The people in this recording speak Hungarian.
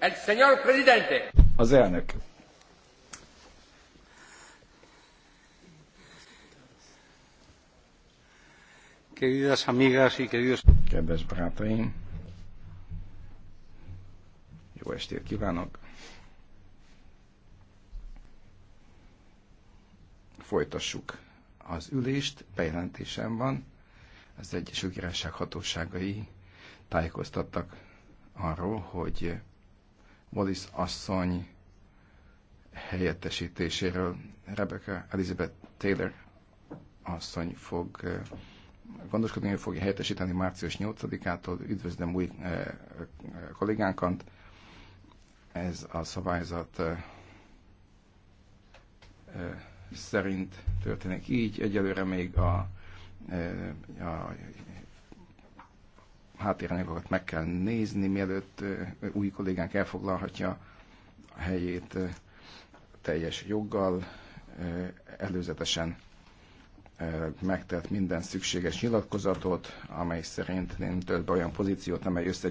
El señor presidente. Az elnök. Queridas amigas y queridos... Kedves barátaim, jó estét kívánok! Folytassuk az ülést, bejelentésem van. Az Egyesült Királyság hatóságai tájékoztattak arról, hogy Wallis asszony helyettesítéséről Rebecca Elizabeth Taylor asszony fog eh, gondoskodni, hogy fogja helyettesíteni március 8-ától. Üdvözlöm új eh, eh, kollégánkat. Ez a szabályzat szerint történik így. Egyelőre még a háttéranyagokat meg kell nézni, mielőtt új kollégánk elfoglalhatja a helyét teljes joggal, előzetesen megtett minden szükséges nyilatkozatot, amely szerint nem tölt be olyan pozíciót, amely összegy